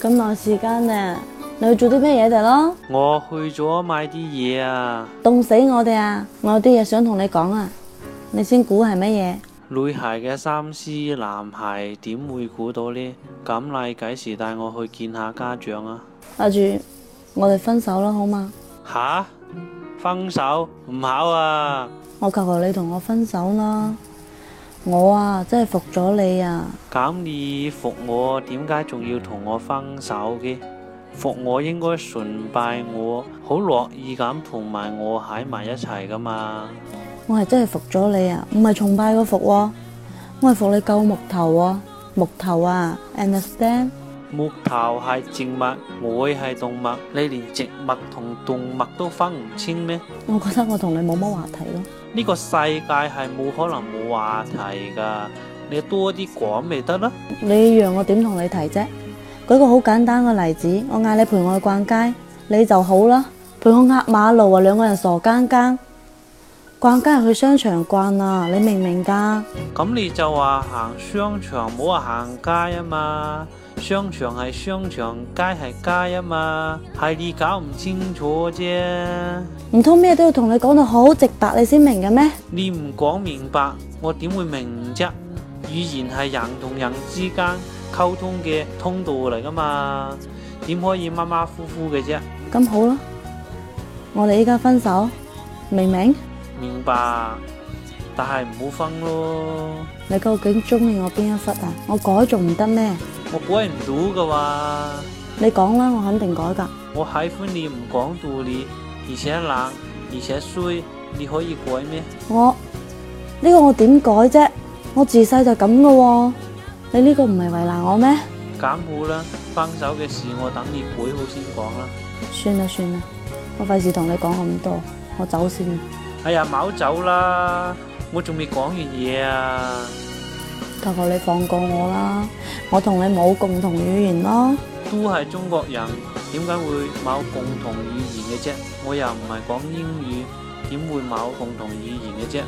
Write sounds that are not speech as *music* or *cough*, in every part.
咁耐時間啊，你去做啲咩嘢就咯？我去咗買啲嘢啊！凍死我哋啊！我有啲嘢想同你講啊，你先估係乜嘢？女孩嘅三思，男孩點會估到呢？咁你幾時帶我去見下家長啊！阿柱，我哋分手啦，好嘛？吓，分手唔好啊！我求求你同我分手啦！我啊，真係服咗你啊！咁你服我，點解仲要同我分手嘅？服我應該崇拜我，好樂意咁同埋我喺埋一齊噶嘛！我係真係服咗你啊，唔係崇拜個服啊，我係服你夠木頭啊，木頭啊，understand？木頭係植物，我係動物，你連植物同動物都分唔清咩？我覺得我同你冇乜話題咯。呢個世界係冇可能冇話題噶，你多啲講咪得咯。你讓我點同你提啫？舉個好簡單嘅例子，我嗌你陪我去逛街，你就好啦，陪我壓馬路啊，兩個人傻更更。逛街係去商場逛啊，你明唔明噶？咁你就話行商場，唔好話行街啊嘛。商場係商場，街係街啊嘛，係你搞唔清楚啫。唔通咩都要同你講到好直白你先明嘅咩？你唔講明白，我點會明啫？語言係人同人之間溝通嘅通道嚟㗎嘛，點可以馬馬虎虎嘅啫？咁好咯，我哋依家分手，明唔明？明白，但係唔好分咯。你究竟中意我邊一忽啊？我改仲唔得咩？我改唔到噶哇！你講啦，我肯定改噶。我喜歡你唔講道理，而且冷，而且衰，你可以改咩？我呢個我點改啫？我自細就咁噶喎，你呢個唔係為難我咩？咁好啦，分手嘅事我等你改好先講啦。算啦算啦，我費事同你講咁多，我走先。哎呀，唔好走啦，我仲未講完嘢啊！求求你放過我啦！我同你冇共同語言咯。都係中國人，點解會冇共同語言嘅啫？我又唔係講英語，點會冇共同語言嘅啫？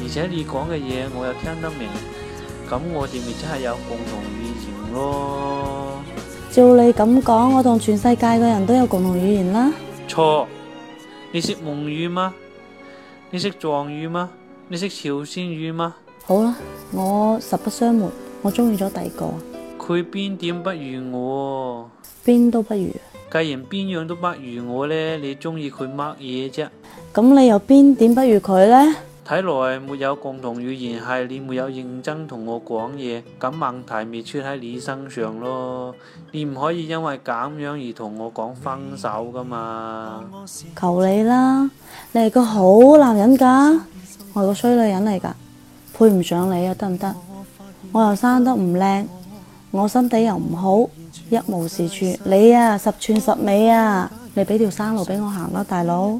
而且你講嘅嘢我又聽得明，咁我哋咪真係有共同語言咯？照你咁講，我同全世界嘅人都有共同語言啦？錯，你識蒙語嗎？你識藏語嗎？你識朝鮮語嗎？好啦，我實不相瞞，我中意咗第二個。佢邊點不如我？邊都不如。既然邊樣都不如我呢，你中意佢乜嘢啫？咁你又邊點不如佢呢？睇來沒有共同語言係你沒有認真同我講嘢，咁問題咪出喺你身上咯？你唔可以因為咁樣而同我講分手噶嘛？求你啦，你係個好男人噶，我係個衰女人嚟噶。配唔上你啊，得唔得？我又生得唔靚，我心地又唔好，一無是處。你啊，十全十美啊，你俾條生路俾我行啦，大佬。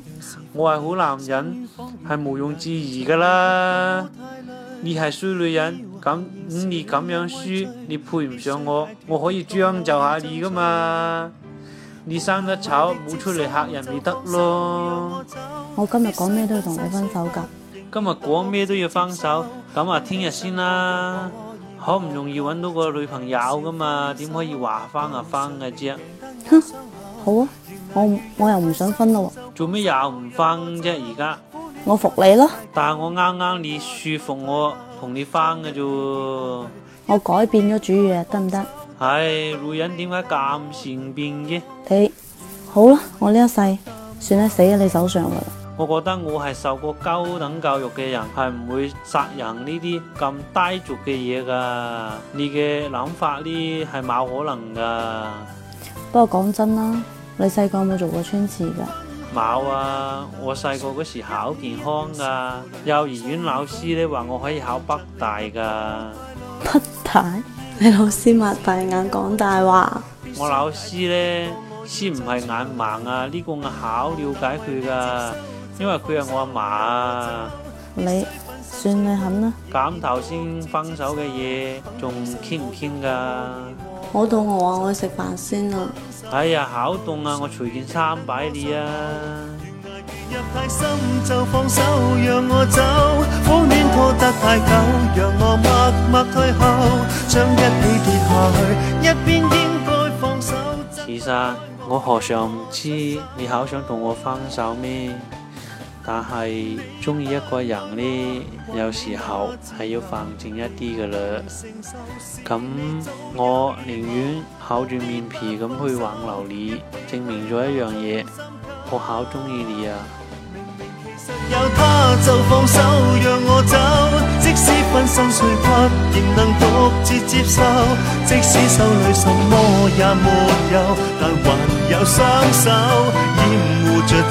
我係好男人，係毋庸置疑噶啦。你係衰女人，咁咁你咁樣輸，你配唔上我，我可以將就下你噶嘛。你生得醜，冇出嚟嚇人咪得咯。我今日講咩都要同你分手噶。今日講咩都要分手，咁話聽日先啦。好唔容易揾到個女朋友噶嘛，點可以話分啊分嘅啫？哼，好啊，我我又唔想分咯。做咩又唔分啫？而家我服你咯。但係我啱啱你說服我同你分嘅啫。我改變咗主意啊，得唔得？唉，女人點解咁善變嘅？你好啦，我呢一世算係死喺你手上噶啦。我覺得我係受過高等教育嘅人，係唔會殺人呢啲咁低俗嘅嘢噶。你嘅諗法呢係冇可能噶。不過講真啦，你細個有冇做過穿刺噶？冇啊，我細個嗰時考健康噶，幼兒園老師呢話我可以考北大噶。北大？你老師擘大眼講大話。我老師呢，先唔係眼盲啊，呢個我好了解佢噶。因為佢係我阿嫲，啊！你算你狠啦！咁頭先分手嘅嘢，仲傾唔傾噶？好肚餓啊！我去食飯先啦。哎呀，好凍啊！我除件衫擺你啊！其實我何嘗唔知你好想同我分手咩？但係中意一個人呢，有時候係要放縱一啲㗎喇。咁我寧願厚住面皮咁去挽留你，證明咗一樣嘢，我好中意你啊！ *music*